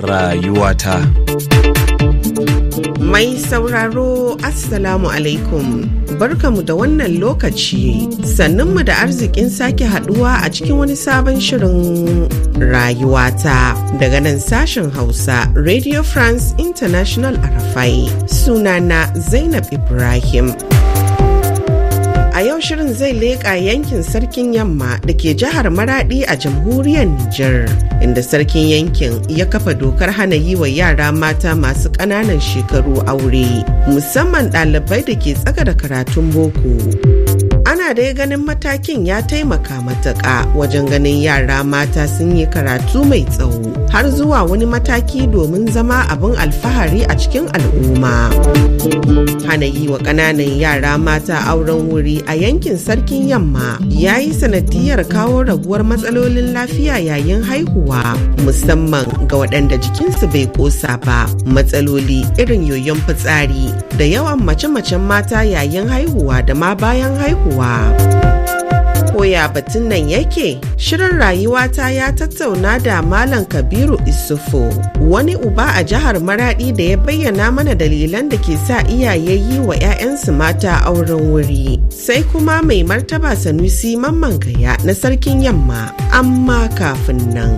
Rayuwata Mai sauraro Assalamu alaikum barkamu da wannan lokaci sannunmu da arzikin sake haduwa a cikin wani sabon shirin rayuwata daga nan sashen Hausa Radio France International a Rafai sunana Zainab Ibrahim. A yau shirin zai leƙa yankin sarkin yamma da ke jihar Maradi a jamhuriyar Nijar, inda sarkin yankin ya kafa dokar hana yi wa yara mata masu ƙananan shekaru aure, musamman ɗalibai da ke tsaka da karatun boko. dai ganin matakin ya taimaka mataka wajen ganin yara mata sun yi karatu mai tsawo har zuwa wani mataki domin zama abin alfahari a cikin al'umma. Hana yi wa ƙananan yara mata auren wuri a yankin sarkin yamma ya yi sanadiyar kawo raguwar matsalolin lafiya yayin haihuwa musamman ga waɗanda jikinsu bai kosa ba matsaloli irin yoyon fitsari da yawan mace-macen mata yayin haihuwa da ma bayan haihuwa. Koya batun nan yake, shirin rayuwata ya tattauna da Malam Kabiru Isufo, wani uba a jihar Maradi da ya bayyana mana dalilan da ke sa iyaye yi wa 'ya'yansu mata auren wuri. Sai kuma mai martaba Sanusi Mamman Gaya na Sarkin Yamma, amma kafin nan.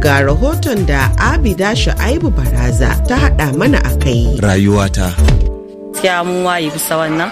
ga rahoton da abida shu'aibu baraza ta haɗa mana a kai rayuwata mun wayi bisa wannan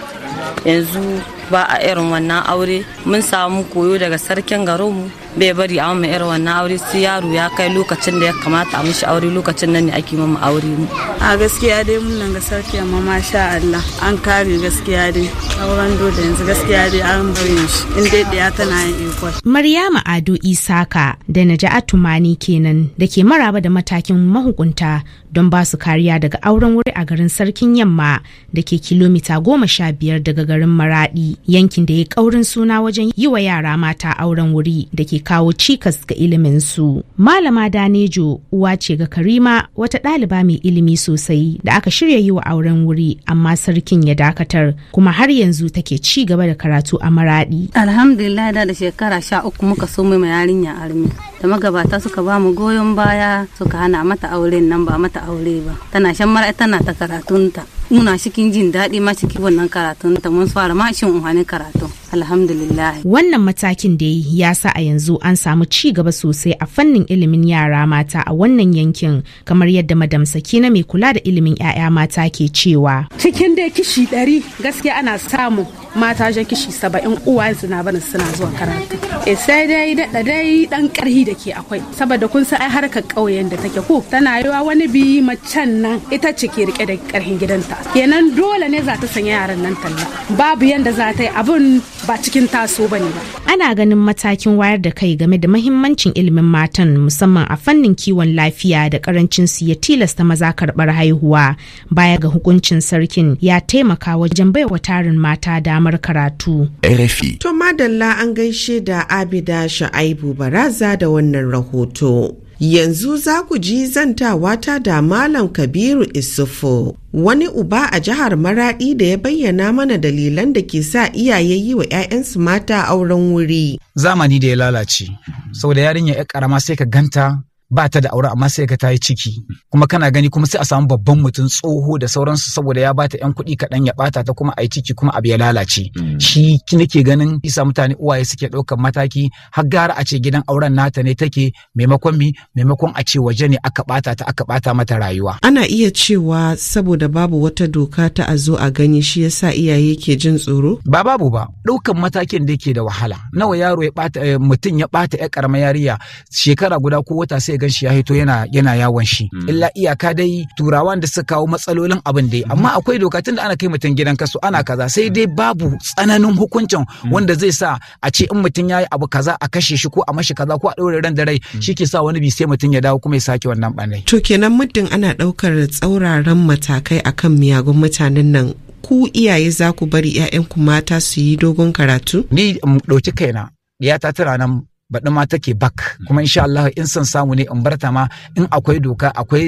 yanzu ba a irin wannan aure mun samu koyo daga sarkin garinmu bai bari a wani irin wannan aure sai yaro ya kai lokacin da ya kamata a mishi aure lokacin nan ne ake mamu aure mu a gaskiya dai mun nan ga sarki amma masha Allah an kare gaskiya dai auren dole yanzu gaskiya dai an bari shi in dai ya tana yin ikon Maryama Ado Isaka da Naja'atu Mani kenan da ke maraba da matakin mahukunta don ba su kariya daga auren wuri a garin sarkin yamma da ke kilomita goma sha biyar daga garin Maradi yankin da ya kaurin suna wajen yi wa yara mata auren wuri da ke kawo cikas ga iliminsu. Malama Danejo uwa ce ga Karima wata ɗaliba mai ilimi sosai da aka shirya yi wa auren wuri amma sarkin ya dakatar kuma har yanzu take ci gaba da karatu a maraɗi. Alhamdulillah da da shekara sha uku muka so mai yarinya armi. Da magabata suka ba mu goyon baya suka hana mata auren nan ba mata aure ba. Tana shan mara tana ta karatunta. Muna cikin jin daɗi ma cikin wannan karatunta mun fara ma shin karatu. Alhamdulillah. Wannan matakin da ya sa a yanzu an samu ci gaba sosai a fannin ilimin yara mata a wannan yankin kamar yadda Madam Sakina mai kula da ilimin 'ya'ya mata ke cewa. Cikin dai kishi ɗari gaskiya ana samu mata jan kishi saba'in uwa suna barin suna zuwa karatu e eh, sai dai daɗa dai ɗan ƙarhi da ke akwai saboda kun sa ai harkar ƙauyen da take ko tana yiwa wani bi macen nan ita ce ke rike da ƙarhin gidanta kenan dole ne za ta sanya yaran nan talla babu yanda za ta yi abun ba cikin taso bane ba ana ganin matakin wayar da kai game da mahimmancin ilimin matan musamman a fannin kiwon lafiya da karancin su ya tilasta maza karbar haihuwa baya ga hukuncin sarkin ya taimaka wajen baiwa tarin mata damar karatu. RFI. To madalla an gaishe da Abida Sha'aibu Baraza da wannan rahoto. Yanzu za ku ji zantawa ta da Malam Kabiru Isufu, wani uba a jihar Maraɗi da ya bayyana mana dalilan da ke sa iyaye yi wa 'ya'yansu mata auren wuri. Zamani da ya lalace, sau da yarinya ya karama sai ka ganta ba ta da aure amma sai ka ta yi ciki kuma kana gani kuma sai a samu babban mutum tsoho da sauransu saboda ya bata yan kuɗi kaɗan ya bata ta kuma a yi ciki kuma abu ya lalace mm. shi nake ganin isa mutane uwaye suke ɗaukar mataki har gara a ce gidan auren nata ne take maimakon mi maimakon a ce waje ne aka bata ta aka bata mata rayuwa ana iya cewa saboda babu wata doka ta a zo a gani shi yasa iyaye ke jin tsoro ba babu ba ɗaukar matakin da yake da wahala nawa yaro ya bata eh, mutum ya bata ya karama yariya shekara guda ko wata sai gan shi ya hito yana yana yawon shi hmm. illa iyaka dai turawan da suka kawo matsalolin abin dai amma hmm. akwai doka tun da ana kai mutum gidan kasu ana hmm. kaza sai dai babu tsananin hukuncin wanda zai sa a ce in mutum ya yi abu kaza a kashe shi ko a mashi kaza ko a ɗaure ran da rai shi ke sa wani bi sai mutum ya dawo kuma ya sake wannan ɓanai. to kenan muddin ana ɗaukar tsauraran matakai akan miyagun mutanen nan ku iyaye za ku bari 'ya'yanku mata su yi dogon karatu? Ni ɗauki kaina, ɗiyata tana nan baɗi ma take bak kuma insha Allah in san samu ne in barta ma in akwai doka akwai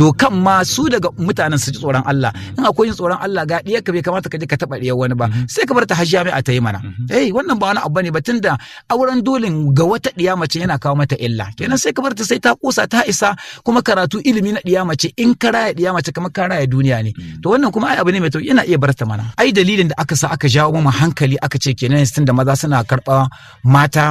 dokan ma su daga mutanen su ji tsoron Allah in akwai yin tsoron Allah ga ɗiyarka bai kamata ka je ka taɓa ɗiyar wani ba mm-hmm. sai ka barta hajjiya a ta yi mana mm-hmm. eh wannan ba wani abu ne ba tunda auren dolin ga wata ɗiya mace yana kawo mata illa kenan sai ka barta sai ta kusa ta isa kuma karatu ilimi na ɗiya in ka raya ɗiya mace kamar ka raya duniya ne mm-hmm. to wannan kuma ai abu ne mai tau yana iya barta mana ai dalilin da aka sa aka jawo mu hankali aka ce kenan da maza suna karɓa mata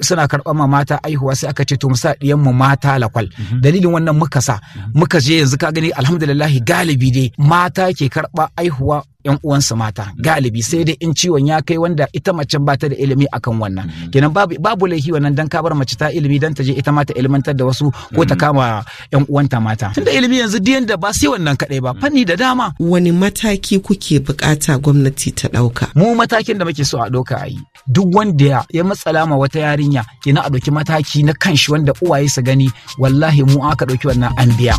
suna karɓar ma mata aihuwa sai aka ce to musa ɗiyan mu mata lakwal mhm. dalilin wannan muka sa mhm. muka je yanzu ka gani alhamdulillah galibi dai mata ke karɓa aihuwa yan uwansu mata mhm. galibi sai dai in ciwon ya kai wanda ita mace ba ta da ilimi akan wannan kenan babu babu laifi wannan dan ka bar mace ta ilimi dan ta je ita mata ilmantar da wasu ko ta kama yan uwanta mata tunda ilimi yanzu diyan da ba sai wannan kadai ba fanni da dama wani mataki kuke bukata gwamnati ta dauka mu matakin da muke so a doka ayi. duk wanda ya matsala ma wata yarinya kina a ɗauki mataki na kanshi wanda uwaye su gani wallahi mu aka ɗauki wannan an biya.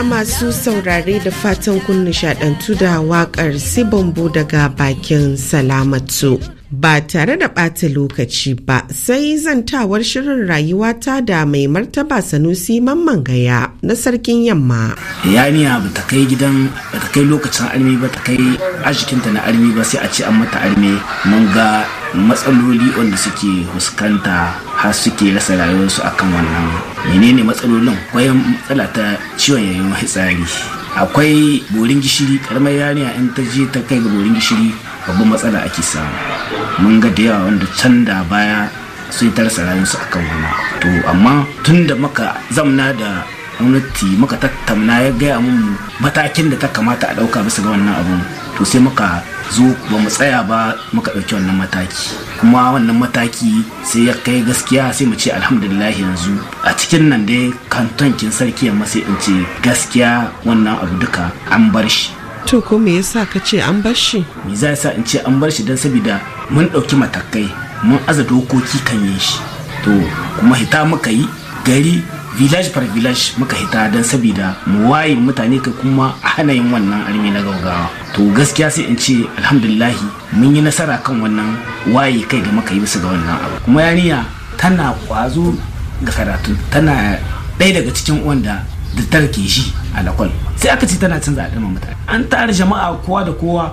a masu saurare da fatan kun nishadantu da waƙar Sibombo daga bakin Salamatu. ba tare da ɓata lokaci ba sai zantawar shirin rayuwata da mai martaba sanusi mamman gaya na sarkin yamma yaniya ba ta kai gidan ba ta kai lokacin armi ba ta kai arzikinta na armi ba sai a ce an mata armi mun ga matsaloli wanda suke fuskanta har suke rasa rayuwarsu akan wannan menene matsalolin kwayan matsala ta ciwon yayin mahitsari akwai borin gishiri karamar yaniya in ta je ta kai ga borin gishiri babban matsala ake samu mun ga da yawa wanda can da baya sun ta rasa a akan wani to amma tun da maka zamna da gwamnati muka tattauna ya gaya mun matakin da ta kamata a ɗauka bisa ga wannan abun to sai muka zo ba mu tsaya ba muka ɗauki wannan mataki kuma wannan mataki sai ya kai gaskiya sai mu ce alhamdulillah yanzu a cikin nan dai kantonkin sarki yamma sai in ce gaskiya wannan abu duka an bar shi to ko me yasa ka ce an bar shi me za sa in ce an bar shi don saboda mun ɗauki matakai mun aza dokoki kan yin shi to kuma hita muka yi gari village par village muka hita don saboda mu waye mutane ka kuma a hana yin wannan armi na gaugawa to gaskiya sai in ce alhamdulillahi mun yi nasara kan wannan waye kai da muka yi bisa ga wannan abu kuma yarinya tana kwazo ga karatu tana ɗaya daga cikin wanda da tarke shi a alakwal sai aka ce tana canza al'umma mutane an tara jama'a kowa da kowa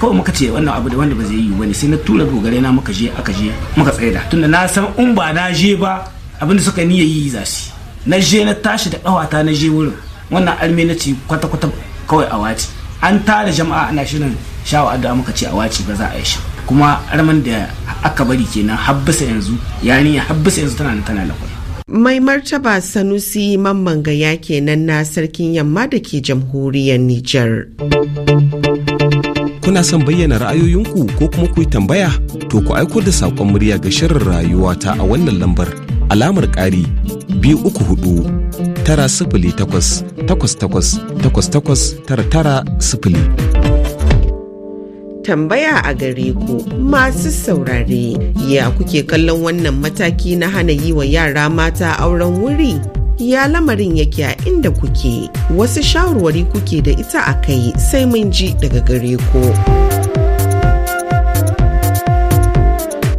kawai muka ce wannan abu da wanda ba zai yi wani sai na tura dogare na muka je aka je muka da tunda na san in ba na je ba abinda suka niyya yi za su na je na tashi da kawata na je wurin wannan arme na ci kwata-kwata kawai a waci. an tara jama'a ana shirin shawa addu'a muka ce a waci ba za a yi shi kuma arman da aka bari kenan habbasa yanzu yani habbasa yanzu tana tana lakwai Mai martaba Sanusi Mamman Gaya kenan na sarkin yamma da ke jamhuriyar Nijar. Kuna son bayyana ra'ayoyinku ko kuma ku yi tambaya? To ku aiko da saƙon murya ga shirin rayuwa ta a wannan lambar alamar ƙari biyu uku hudu tara sifili takwas takwas takwas takwas takwas tara tara sifili. tambaya a gare ku masu saurare ya kuke kallon wannan mataki na hana yi wa yara mata auren wuri ya lamarin yake a inda kuke wasu shawarwari kuke da ita a kai sai mun ji daga gare ku.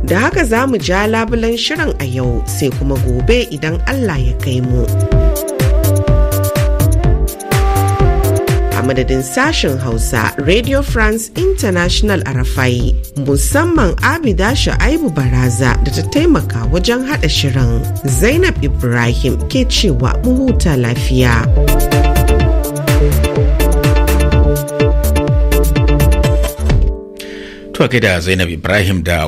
Da haka za mu ja labulan shirin a yau sai kuma gobe idan Allah ya kai mu. madadin sashen Hausa Radio France International a Rafai musamman Abida Sha'aibu Baraza da ta taimaka wajen haɗa shirin Zainab Ibrahim ke cewa huta lafiya. Tuwa da Zainab Ibrahim da